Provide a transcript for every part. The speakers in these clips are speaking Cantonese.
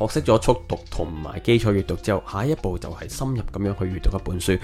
學識咗速讀同埋基礎閱讀之後，下一步就係深入咁樣去閱讀一本書。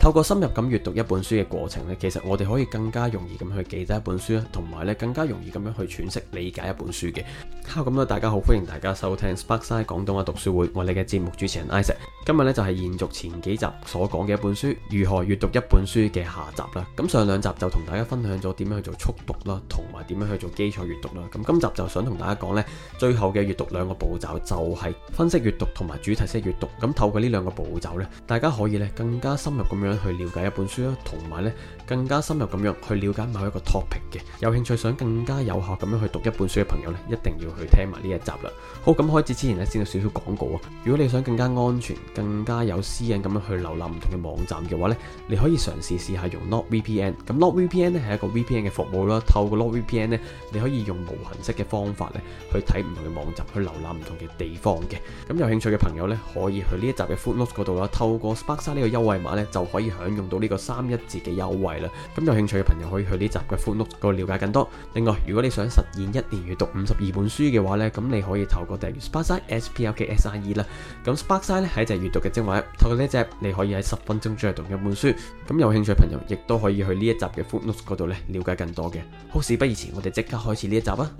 透過深入咁閱讀一本書嘅過程咧，其實我哋可以更加容易咁去記得一本書啦，同埋咧更加容易咁樣去詮釋理解一本書嘅。Hello，咁大家好，歡迎大家收聽 Sparkside 廣東嘅讀書會，我哋嘅節目主持人 Isaac，今日咧就係、是、延續前幾集所講嘅一本書如何閱讀一本書嘅下集啦。咁上兩集就同大家分享咗點樣去做速讀啦，同埋點樣去做基礎閱讀啦。咁今集就想同大家講呢最後嘅閱讀兩個步驟就是。分析閱讀同埋主題式閱讀，咁透過呢兩個步驟呢，大家可以咧更加深入咁樣去了解一本書啦，同埋呢。更加深入咁樣去了解某一個 topic 嘅，有興趣想更加有效咁樣去讀一本書嘅朋友呢，一定要去聽埋呢一集啦。好，咁開始之前呢，先有少少廣告啊。如果你想更加安全、更加有私隱咁樣去瀏覽唔同嘅網站嘅話呢，你可以嘗試試下用 NordVPN。咁 NordVPN 呢係一個 VPN 嘅服務啦，透過 NordVPN 呢，你可以用無痕式嘅方法呢去睇唔同嘅網站，去瀏覽唔同嘅地方嘅。咁有興趣嘅朋友呢，可以去呢一集嘅 footnotes 嗰度啦，透過 Sparks 呢個優惠碼呢，就可以享用到呢個三一折嘅優惠。係啦，咁有興趣嘅朋友可以去呢集嘅 f o o t n o t e 嗰度了解更多。另 外樂，如果你想實現一年閱讀五十二本書嘅話呢，咁你可以透過訂閱 Sparkside S P L K S I E 啦。咁 Sparkside 呢係一隻閱讀嘅精華，透過呢隻你可以喺十分鐘之內讀一本書。咁有興趣嘅朋友亦都可以去呢一集嘅 f o o t n o t e 嗰度呢了解更多嘅。好，事不宜遲，我哋即刻開始呢一集啊！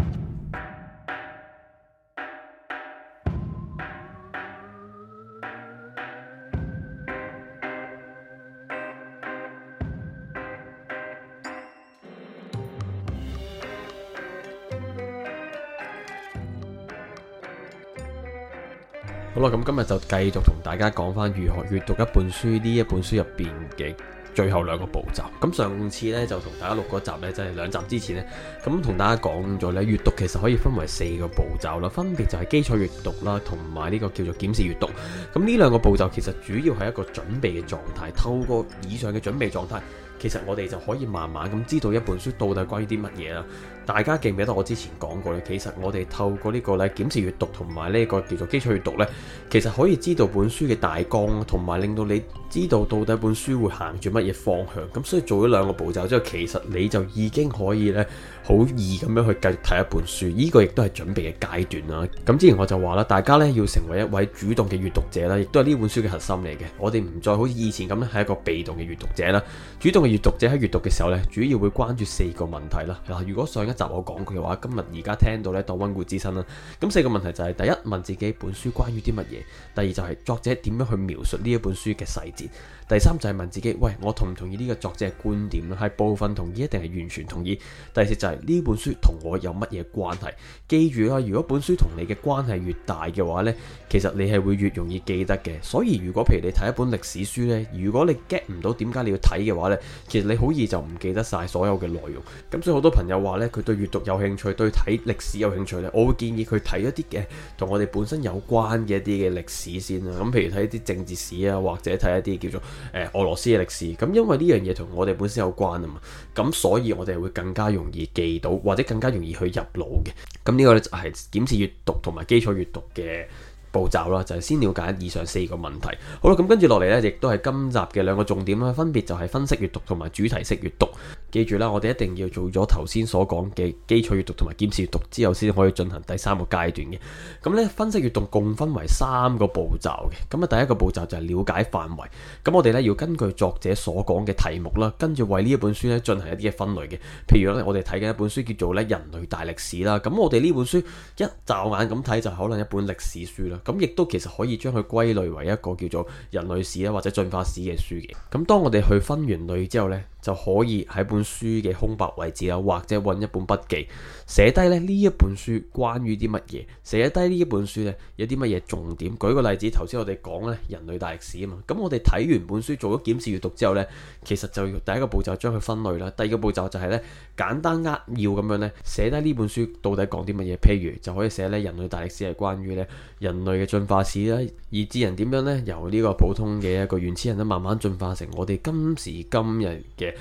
咁今日就繼續同大家講翻如何閱讀一本書呢一本書入邊嘅最後兩個步驟。咁上次呢就同大家錄嗰集呢，就係兩集之前呢。咁同大家講咗呢閱讀其實可以分為四個步驟啦，分別就係基礎閱讀啦，同埋呢個叫做檢視閱讀。咁呢兩個步驟其實主要係一個準備嘅狀態，透過以上嘅準備狀態。其實我哋就可以慢慢咁知道一本書到底關於啲乜嘢啦。大家記唔記得我之前講過咧？其實我哋透過呢個咧檢視閱讀同埋呢個叫做基礎閱讀咧，其實可以知道本書嘅大綱，同埋令到你知道到底本書會行住乜嘢方向。咁所以做咗兩個步驟之後，其實你就已經可以咧。好易咁樣去繼續睇一本書，呢個亦都係準備嘅階段啦。咁之前我就話啦，大家咧要成為一位主動嘅閱讀者啦，亦都係呢本書嘅核心嚟嘅。我哋唔再好似以前咁樣，係一個被動嘅閱讀者啦。主動嘅閱讀者喺閱讀嘅時候咧，主要會關注四個問題啦。嗱，如果上一集我講佢嘅話，今日而家聽到咧當溫故知新啦。咁四個問題就係：第一，問自己本書關於啲乜嘢；第二，就係作者點樣去描述呢一本書嘅細節；第三，就係問自己，喂，我同唔同意呢個作者嘅觀點咧？係部分同意，一定係完全同意。第四就係。呢本書同我有乜嘢關係？記住啊，如果本書同你嘅關係越大嘅話呢，其實你係會越容易記得嘅。所以如果譬如你睇一本歷史書呢，如果你 get 唔到點解你要睇嘅話呢，其實你好易就唔記得晒所有嘅內容。咁所以好多朋友話呢，佢對閱讀有興趣，對睇歷史有興趣呢，我會建議佢睇一啲嘅同我哋本身有關嘅一啲嘅歷史先啦。咁譬如睇一啲政治史啊，或者睇一啲叫做誒、呃、俄羅斯嘅歷史。咁因為呢樣嘢同我哋本身有關啊嘛，咁所以我哋會更加容易記。記到或者更加容易去入腦嘅，咁呢個咧就係檢視閱讀同埋基礎閱讀嘅。步驟啦，就係先了解以上四個問題。好啦，咁跟住落嚟呢，亦都係今集嘅兩個重點啦，分別就係分析閱讀同埋主題式閱讀。記住啦，我哋一定要做咗頭先所講嘅基礎閱讀同埋檢視閱讀之後，先可以進行第三個階段嘅。咁呢，分析閱讀共分為三個步驟嘅。咁啊，第一個步驟就係了解範圍。咁我哋呢要根據作者所講嘅題目啦，跟住為呢一本書呢進行一啲嘅分類嘅。譬如呢，我哋睇緊一本書叫做呢《人類大歷史》啦。咁我哋呢本書一驟眼咁睇就可能一本歷史書啦。咁亦都其實可以將佢歸類為一個叫做人類史或者進化史嘅書嘅。咁當我哋去分完類之後呢，就可以喺本書嘅空白位置呀，或者揾一本筆記寫低咧呢一本書關於啲乜嘢，寫低呢一本書咧有啲乜嘢重點。舉個例子，頭先我哋講咧人類大歷史啊嘛，咁我哋睇完本書做咗檢視閱讀之後呢，其實就要第一個步驟將佢分類啦，第二個步驟就係呢簡單扼要咁樣呢，寫低呢本書到底講啲乜嘢。譬如就可以寫呢人類大歷史係關於咧人類嘅進化史啦，而智人點樣呢？由呢個普通嘅一個原始人呢，慢慢進化成我哋今時今日嘅。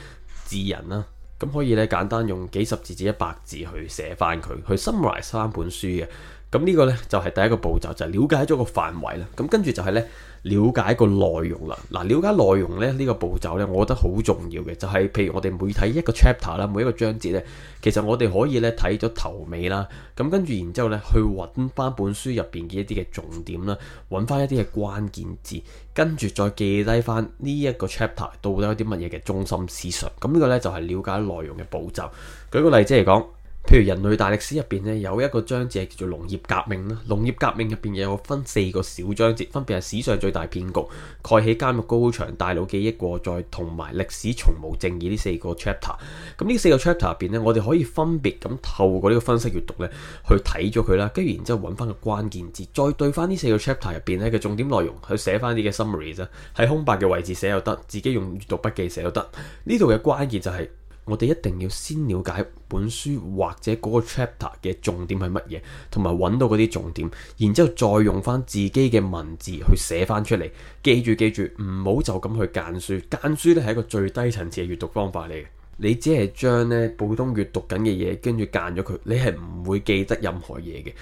智人啦，咁可以咧簡單用幾十字至一百字去寫翻佢，去 summarize 三本書嘅。咁呢個呢，就係第一個步驟，就係了解咗個範圍啦。咁跟住就係呢，了解個內容啦。嗱，了解內容呢，呢個步驟呢，我覺得好重要嘅，就係譬如我哋每睇一個 chapter 啦，每一個章節呢，其實我哋可以呢睇咗頭尾啦。咁跟住然之後呢，去揾翻本書入邊嘅一啲嘅重點啦，揾翻一啲嘅關鍵字，跟住再記低翻呢一個 chapter 到底有啲乜嘢嘅中心思想。咁呢個呢，就係了解內容嘅步驟。舉個例子嚟講。譬如人類大歷史入邊咧有一個章節係叫做農業革命啦，農業革命入邊又有分四個小章節，分別係史上最大騙局、蓋起監獄高牆、大腦記憶過載同埋歷史從無正義呢四個 chapter。咁呢四個 chapter 入邊咧，我哋可以分別咁透過呢個分析閱讀咧去睇咗佢啦，跟住然之後揾翻個關鍵字，再對翻呢四個 chapter 入邊咧嘅重點內容去寫翻啲嘅 summary 啫。喺空白嘅位置寫又得，自己用閱讀筆記寫又得。呢度嘅關鍵就係、是。我哋一定要先了解本書或者嗰個 chapter 嘅重點係乜嘢，同埋揾到嗰啲重點，然之後再用翻自己嘅文字去寫翻出嚟。記住記住，唔好就咁去間書。間書咧係一個最低層次嘅閱讀方法嚟嘅，你只係將呢普通閱讀緊嘅嘢跟住間咗佢，你係唔會記得任何嘢嘅。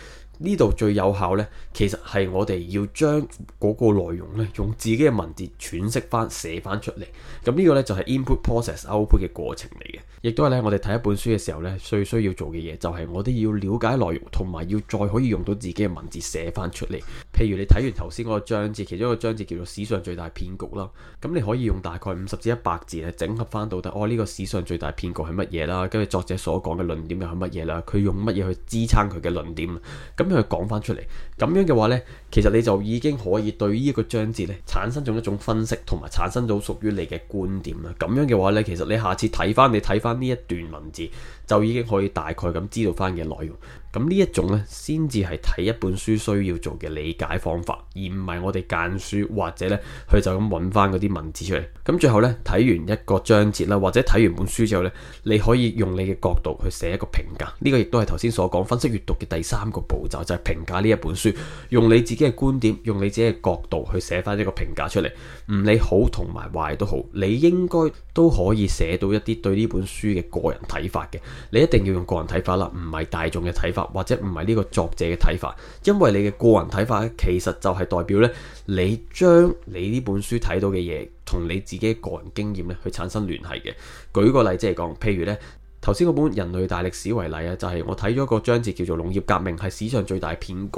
呢度最有效呢，其實係我哋要將嗰個內容呢，用自己嘅文字詮釋翻寫翻出嚟。咁呢個呢，就係 input process output 嘅過程嚟嘅，亦都係咧我哋睇一本書嘅時候呢，最需要做嘅嘢就係我哋要了解內容，同埋要再可以用到自己嘅文字寫翻出嚟。譬如你睇完頭先嗰個章節，其中一個章節叫做《史上最大騙局》啦，咁你可以用大概五十至一百字啊，整合翻到底，哦呢個史上最大騙局係乜嘢啦？跟住作者所講嘅論點又係乜嘢啦？佢用乜嘢去支撐佢嘅論點？咁去講翻出嚟，咁樣嘅話呢，其實你就已經可以對呢一個章節呢，產生咗一種分析，同埋產生咗屬於你嘅觀點啦。咁樣嘅話呢，其實你下次睇翻，你睇翻呢一段文字。就已經可以大概咁知道翻嘅內容，咁呢一種呢，先至係睇一本書需要做嘅理解方法，而唔係我哋揀書或者呢，佢就咁揾翻嗰啲文字出嚟。咁最後呢，睇完一個章節啦，或者睇完本書之後呢，你可以用你嘅角度去寫一個評價。呢個亦都係頭先所講分析閱讀嘅第三個步驟，就係評價呢一本書，用你自己嘅觀點，用你自己嘅角度去寫翻一個評價出嚟。唔理好同埋壞都好，你應該都可以寫到一啲對呢本書嘅個人睇法嘅。你一定要用個人睇法啦，唔係大眾嘅睇法，或者唔係呢個作者嘅睇法，因為你嘅個人睇法其實就係代表咧，你將你呢本書睇到嘅嘢同你自己個人經驗咧去產生聯繫嘅。舉個例子嚟講，譬如呢頭先嗰本《人類大歷史》為例啊，就係我睇咗個章節叫做《農業革命係史上最大騙局》。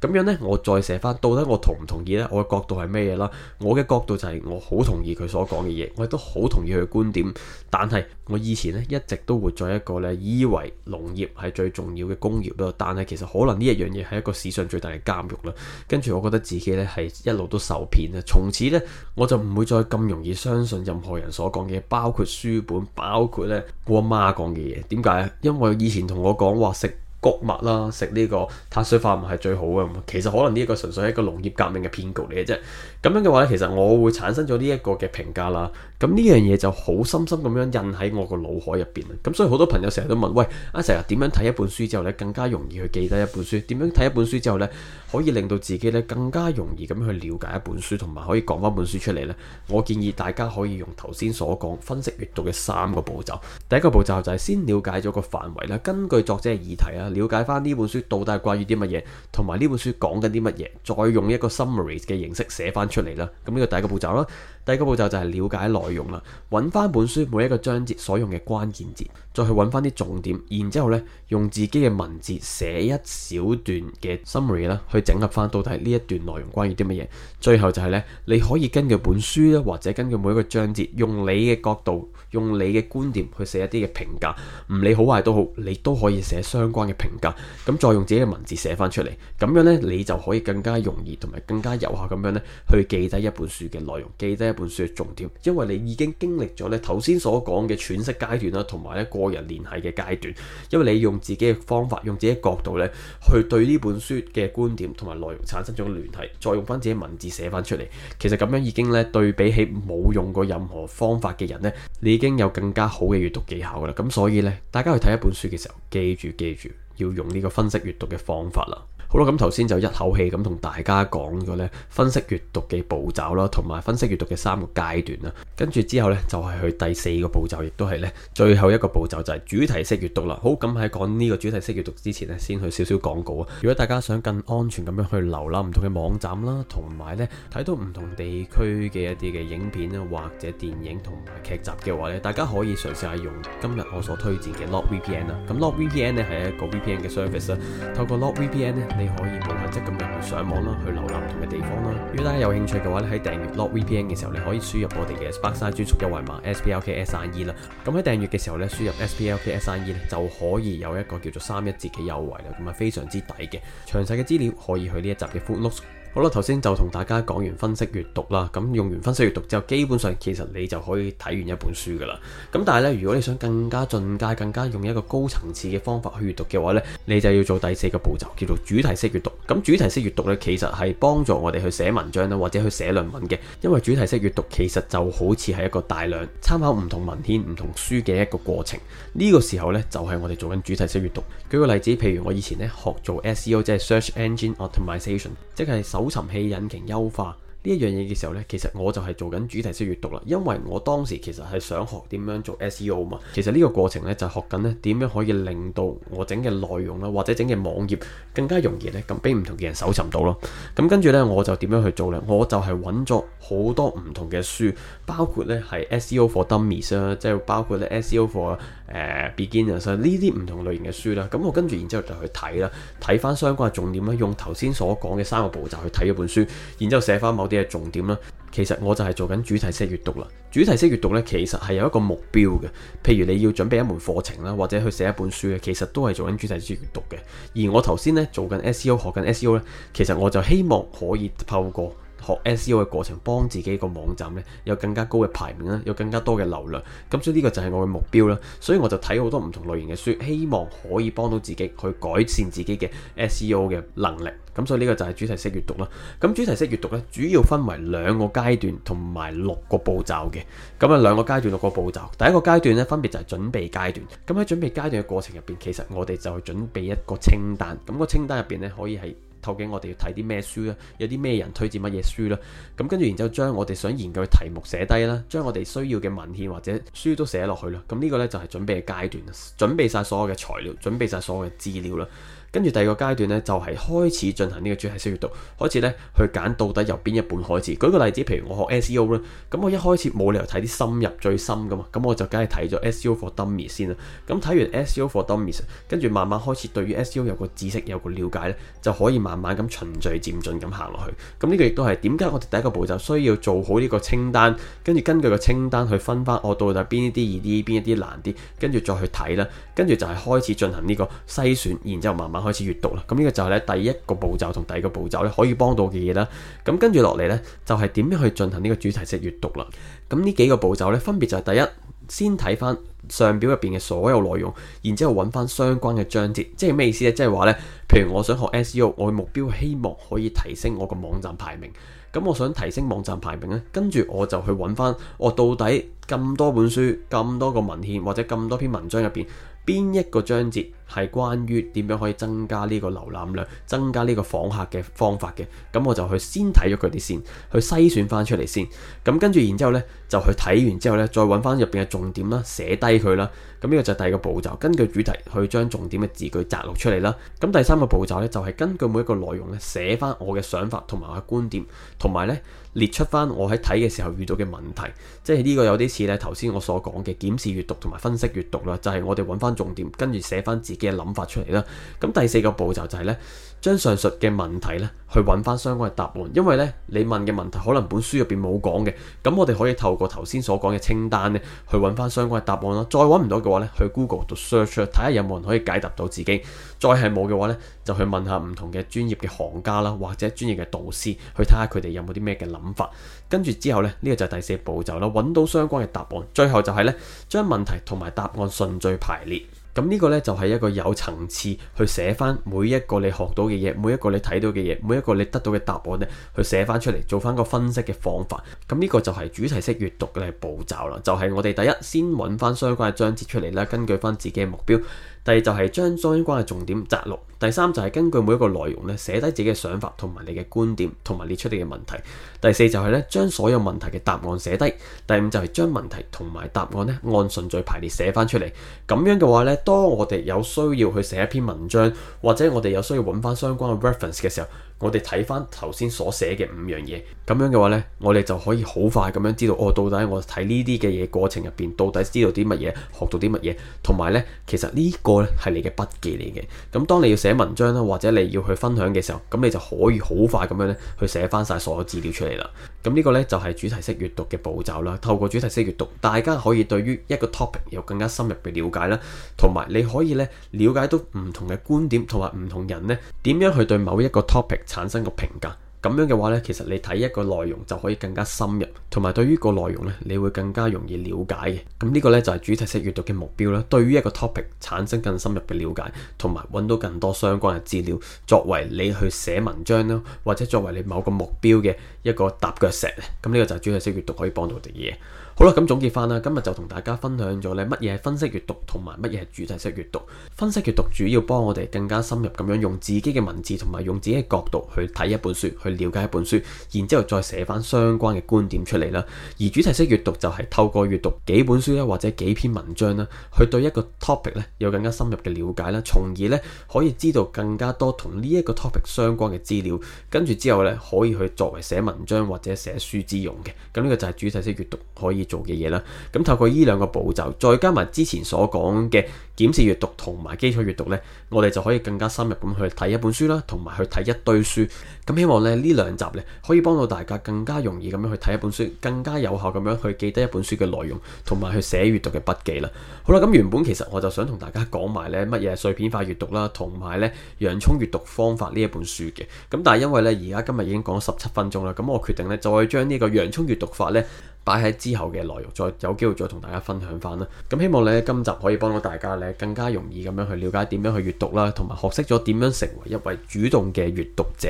咁樣呢，我再寫翻，到底我同唔同意呢？我嘅角度係咩嘢啦？我嘅角度就係我好同意佢所講嘅嘢，我亦都好同意佢嘅觀點。但係我以前呢，一直都活在一個呢，以為農業係最重要嘅工業啦。但係其實可能呢一樣嘢係一個史上最大嘅監獄啦。跟住我覺得自己呢係一路都受騙呀。從此呢，我就唔會再咁容易相信任何人所講嘅嘢，包括書本，包括呢我阿媽講嘅嘢。點解啊？因為以前同我講話食，谷物啦，食呢、這個碳水化合物係最好嘅。其實可能呢一個純粹係一個農業革命嘅騙局嚟嘅啫。咁樣嘅話呢，其實我會產生咗呢一個嘅評價啦。咁呢樣嘢就好深深咁樣印喺我個腦海入邊啊。咁所以好多朋友成日都問：喂，阿成日點樣睇一本書之後呢？更加容易去記得一本書？點樣睇一本書之後呢？可以令到自己呢更加容易咁樣去了解一本書，同埋可以講翻本書出嚟呢？」我建議大家可以用頭先所講分析閱讀嘅三個步驟。第一個步驟就係先了解咗個範圍啦，根據作者嘅議題啊。了解翻呢本書到底係關於啲乜嘢，同埋呢本書講緊啲乜嘢，再用一個 summary 嘅形式寫翻出嚟啦。咁呢個第一個步驟啦。第一個步驟就係了解內容啦，揾翻本書每一個章節所用嘅關鍵字，再去揾翻啲重點，然之後呢，用自己嘅文字寫一小段嘅 summary 啦，去整合翻到底呢一段內容關於啲乜嘢。最後就係呢，你可以根據本書呢或者根據每一個章節，用你嘅角度、用你嘅觀點去寫一啲嘅評價，唔理好壞都好，你都可以寫相關嘅評價。咁再用自己嘅文字寫翻出嚟，咁樣呢，你就可以更加容易同埋更加有效咁樣呢，去記低一本書嘅內容，記低本書嘅重點，因為你已經經歷咗咧頭先所講嘅喘息階段啦，同埋咧個人聯繫嘅階段，因為你用自己嘅方法，用自己角度咧去對呢本書嘅觀點同埋內容產生咗聯繫，再用返自己文字寫返出嚟，其實咁樣已經咧對比起冇用過任何方法嘅人咧，你已經有更加好嘅閱讀技巧噶啦，咁所以咧大家去睇一本書嘅時候，記住記住要用呢個分析閱讀嘅方法啦。好啦，咁頭先就一口氣咁同大家講咗呢分析閱讀嘅步驟啦，同埋分析閱讀嘅三個階段啦。跟住之後呢，就係去第四個步驟，亦都係呢最後一個步驟就係主題式閱讀啦。好，咁喺講呢個主題式閱讀之前呢，先去少少廣告啊。如果大家想更安全咁樣去瀏覽唔同嘅網站啦，同埋呢睇到唔同地區嘅一啲嘅影片啊或者電影同埋劇集嘅話呢，大家可以嘗試下用今日我所推薦嘅 NotVPN 啊。咁 NotVPN 呢係一個 VPN 嘅 service，透過 NotVPN 咧。你可以無限制咁樣去上網啦，去瀏覽唔同嘅地方啦。如果大家有興趣嘅話咧，喺訂閲 Lock VPN 嘅時候，你可以輸入我哋嘅巴沙專屬優惠碼 SPLKSE 啦。咁喺、e、訂閲嘅時候咧，輸入 SPLKSE 咧，e、就可以有一個叫做三一折嘅優惠啦，同埋非常之抵嘅。詳細嘅資料可以去呢一集嘅附錄。好啦，頭先就同大家講完分析閱讀啦。咁用完分析閱讀之後，基本上其實你就可以睇完一本書噶啦。咁但係咧，如果你想更加進階、更加用一個高層次嘅方法去閱讀嘅話咧，你就要做第四個步驟，叫做主題式閱讀。咁主題式閱讀咧，其實係幫助我哋去寫文章啊，或者去寫論文嘅。因為主題式閱讀其實就好似係一個大量參考唔同文獻、唔同書嘅一個過程。呢個時候咧，就係我哋做緊主題式閱讀。舉個例子，譬如我以前咧學做 SEO，即係 Search Engine Optimization，即係搜搜尋器引擎優化呢一樣嘢嘅時候呢，其實我就係做緊主題式閱讀啦，因為我當時其實係想學點樣做 SEO 嘛。其實呢個過程呢，就係學緊呢點樣可以令到我整嘅內容啦，或者整嘅網頁更加容易呢，咁俾唔同嘅人搜尋到咯。咁跟住呢，我就點樣去做呢？我就係揾咗好多唔同嘅書，包括呢係 SEO for Dummies 啦，即係包括呢 SEO for。誒 beginners 呢啲唔同類型嘅書啦，咁我跟住然之後就去睇啦，睇翻相關嘅重點啦，用頭先所講嘅三個步驟去睇一本書，然之後寫翻某啲嘅重點啦。其實我就係做緊主題式閱讀啦。主題式閱讀呢，其實係有一個目標嘅，譬如你要準備一門課程啦，或者去寫一本書嘅，其實都係做緊主題式閱讀嘅。而我頭先呢，做緊 S E O 學緊 S E O 咧，其實我就希望可以透過。學 SEO 嘅過程，幫自己個網站咧有更加高嘅排名啦，有更加多嘅流量。咁所以呢個就係我嘅目標啦。所以我就睇好多唔同類型嘅書，希望可以幫到自己去改善自己嘅 SEO 嘅能力。咁所以呢個就係主題式閱讀啦。咁主題式閱讀咧，主要分為兩個階段同埋六個步驟嘅。咁啊，兩個階段六個步驟，第一個階段咧，分別就係準備階段。咁喺準備階段嘅過程入邊，其實我哋就去準備一個清單。咁個清單入邊咧，可以係。究竟我哋要睇啲咩書呀？有啲咩人推薦乜嘢書咧？咁跟住然之後將我哋想研究嘅題目寫低啦，將我哋需要嘅文獻或者書都寫落去啦。咁、這、呢個呢，就係準備嘅階段，準備晒所有嘅材料，準備晒所有嘅資料啦。跟住第二個階段呢，就係、是、開始進行呢個主題式閱讀，開始呢，去揀到底由邊一本開始。舉個例子，譬如我學 SEO 咧，咁我一開始冇理由睇啲深入最深噶嘛，咁我就梗係睇咗 SEO for Dummies 先啦。咁睇完 SEO for Dummies，跟住慢慢開始對於 SEO 有個知識、有個了解呢，就可以慢慢咁循序漸進咁行落去。咁呢個亦都係點解我哋第一個步驟需要做好呢個清單，跟住根據個清單去分翻我、哦、到底邊一啲易啲，邊一啲難啲，跟住再去睇啦。跟住就係開始進行呢個篩選，然之後慢慢。開始閱讀啦，咁呢個就係咧第一個步驟同第二個步驟咧可以幫到嘅嘢啦。咁跟住落嚟呢，就係點樣去進行呢個主題式閱讀啦。咁呢幾個步驟呢，分別就係第一，先睇翻上表入邊嘅所有內容，然之後揾翻相關嘅章節。即係咩意思呢？即係話呢，譬如我想學 SEO，我嘅目標希望可以提升我個網站排名。咁我想提升網站排名呢，跟住我就去揾翻我到底咁多本書、咁多個文獻或者咁多篇文章入邊。邊一個章節係關於點樣可以增加呢個瀏覽量、增加呢個訪客嘅方法嘅？咁我就去先睇咗佢哋先，去篩選翻出嚟先。咁跟住，然之後呢就去睇完之後呢，再揾翻入邊嘅重點啦，寫低佢啦。咁呢個就第二個步驟，根據主題去將重點嘅字句摘錄出嚟啦。咁第三個步驟呢，就係根據每一個內容呢，寫翻我嘅想法同埋我嘅觀點，同埋呢。列出翻我喺睇嘅時候遇到嘅問題，即係呢個有啲似咧頭先我所講嘅檢視閱讀同埋分析閱讀啦，就係我哋揾翻重點，跟住寫翻自己嘅諗法出嚟啦。咁第四個步驟就係呢。將上述嘅問題咧，去揾翻相關嘅答案，因為咧你問嘅問題可能本書入邊冇講嘅，咁我哋可以透過頭先所講嘅清單咧，去揾翻相關嘅答案咯。再揾唔到嘅話咧，去 Google 度 search 睇下有冇人可以解答到自己。再係冇嘅話咧，就去問下唔同嘅專業嘅行家啦，或者專業嘅導師去睇下佢哋有冇啲咩嘅諗法。跟住之後咧，呢、呢個就係第四步驟啦，揾到相關嘅答案。最後就係咧，將問題同埋答案順序排列。咁呢個呢，就係一個有層次去寫翻每一個你學到嘅嘢，每一個你睇到嘅嘢，每一個你得到嘅答案呢，去寫翻出嚟，做翻個分析嘅方法。咁呢個就係主題式閱讀嘅步驟啦。就係我哋第一先揾翻相關嘅章節出嚟啦，根據翻自己嘅目標。第二就係將相關嘅重點摘錄，第三就係根據每一個內容咧寫低自己嘅想法同埋你嘅觀點，同埋列出你嘅問題。第四就係咧將所有問題嘅答案寫低。第五就係將問題同埋答案咧按順序排列寫翻出嚟。咁樣嘅話咧，當我哋有需要去寫一篇文章，或者我哋有需要揾翻相關嘅 reference 嘅時候，我哋睇翻頭先所寫嘅五樣嘢，咁樣嘅話呢，我哋就可以好快咁樣知道，哦，到底我睇呢啲嘅嘢過程入邊，到底知道啲乜嘢，學到啲乜嘢，同埋呢，其實呢個呢係你嘅筆記嚟嘅。咁當你要寫文章啦，或者你要去分享嘅時候，咁你就可以好快咁樣呢去寫翻晒所有資料出嚟啦。咁呢個呢就係主題式閱讀嘅步驟啦。透過主題式閱讀，大家可以對於一個 topic 有更加深入嘅了解啦，同埋你可以呢，了解到唔同嘅觀點同埋唔同人呢點樣去對某一個 topic 產生個評價。咁樣嘅話呢，其實你睇一個內容就可以更加深入，同埋對於個內容呢，你會更加容易了解嘅。咁呢個呢，就係主題式閱讀嘅目標啦。對於一個 topic 產生更深入嘅了解，同埋揾到更多相關嘅資料，作為你去寫文章啦，或者作為你某個目標嘅一個踏腳石咧。咁呢個就係主題式閱讀可以幫到我哋嘅。好啦，咁總結翻啦，今日就同大家分享咗咧乜嘢係分析閱讀同埋乜嘢係主題式閱讀。分析閱讀主要幫我哋更加深入咁樣用自己嘅文字同埋用自己嘅角度去睇一本書，去了解一本書，然之後再寫翻相關嘅觀點出嚟啦。而主題式閱讀就係透過閱讀幾本書啦，或者幾篇文章啦，去對一個 topic 咧有更加深入嘅了解啦，從而咧可以知道更加多同呢一個 topic 相關嘅資料，跟住之後咧可以去作為寫文章或者寫書之用嘅。咁、這、呢個就係主題式閱讀可以做嘅嘢啦，咁透過呢兩個步驟，再加埋之前所講嘅，檢視閱讀同埋基礎閱讀呢，我哋就可以更加深入咁去睇一本書啦，同埋去睇一堆書。咁希望咧呢兩集呢，可以幫到大家更加容易咁樣去睇一本書，更加有效咁樣去記得一本書嘅內容，同埋去寫閱讀嘅筆記啦。好啦，咁原本其實我就想同大家講埋呢乜嘢碎片化閱讀啦，同埋呢洋葱閱讀方法呢一本書嘅。咁但係因為呢，而家今日已經講咗十七分鐘啦，咁我決定咧再將呢個洋葱閱讀法呢，擺喺之後嘅內容，再有機會再同大家分享返啦。咁希望呢，今集可以幫到大家咧。更加容易咁樣去了解點樣去閱讀啦，同埋學識咗點樣成為一位主動嘅閱讀者。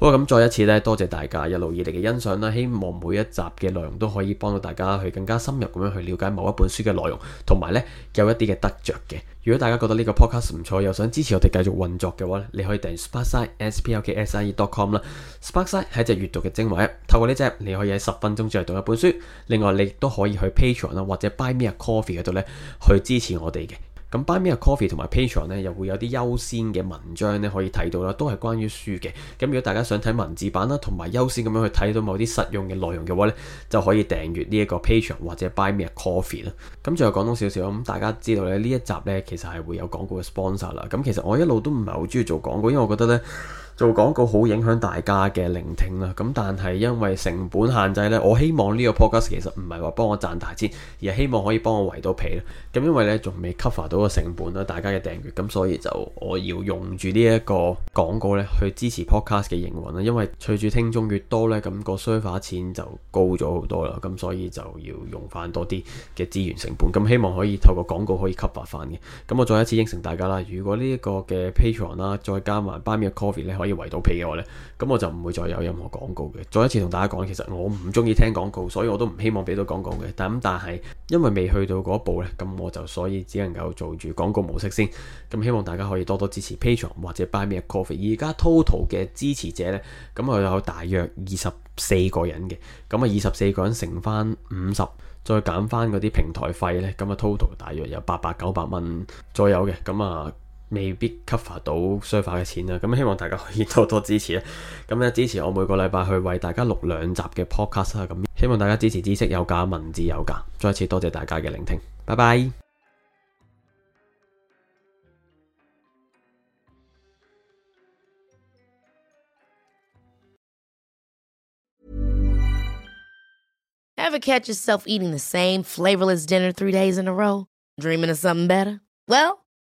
好啊，咁再一次咧，多謝大家一路以嚟嘅欣賞啦。希望每一集嘅內容都可以幫到大家去更加深入咁樣去了解某一本書嘅內容，同埋咧有一啲嘅得着嘅。如果大家覺得呢個 podcast 唔錯，又想支持我哋繼續運作嘅話咧，你可以訂閱 sparkside.spkside.com 啦。Sparkside 係一隻閱讀嘅精華啊！透過呢隻，你可以喺十分鐘之內讀一本書。另外，你亦都可以去 Patreon 啦，或者 buy me a coffee 嗰度咧去支持我哋嘅。咁 Buy Me A Coffee 同埋 Patreon 咧，又會有啲優先嘅文章咧可以睇到啦，都係關於書嘅。咁如果大家想睇文字版啦，同埋優先咁樣去睇到某啲實用嘅內容嘅話咧，就可以訂閱呢一個 Patreon 或者 Buy Me A Coffee 啦。咁仲有講多少少咁，大家知道咧呢一集咧其實係會有廣告嘅 sponsor 啦。咁其實我一路都唔係好中意做廣告，因為我覺得咧，做廣告好影響大家嘅聆聽啦，咁但係因為成本限制呢，我希望呢個 podcast 其實唔係話幫我賺大錢，而係希望可以幫我圍到皮啦。咁因為呢，仲未 cover 到個成本啦，大家嘅訂閱，咁所以就我要用住呢一個廣告呢去支持 podcast 嘅營運啦。因為隨住聽眾越多呢，咁個 server 錢就高咗好多啦，咁所以就要用翻多啲嘅資源成本，咁希望可以透過廣告可以 cover 翻嘅。咁我再一次應承大家啦，如果呢一個嘅 Patreon 啦，再加埋 Buy Me a Coffee 咧，可以圍到皮嘅話咧，咁我，我就唔會再有任何廣告嘅。再一次同大家講，其實我唔中意聽廣告，所以我都唔希望俾到廣告嘅。但咁但係，因為未去到嗰一步咧，咁我就所以只能夠做住廣告模式先。咁希望大家可以多多支持 Patreon 或者 Buy Me a Coffee。而家 Total 嘅支持者咧，咁啊有大約二十四個人嘅。咁啊二十四個人乘翻五十，再減翻嗰啲平台費咧，咁啊 Total 大約有八百九百蚊左右嘅。咁啊。未必 cover 到 sofa 嘅錢啦，咁希望大家可以多多支持啊！咁咧支持我每個禮拜去為大家錄兩集嘅 podcast 啊，咁希望大家支持知識有價，文字有價。再次多謝大家嘅聆聽，拜 拜樂。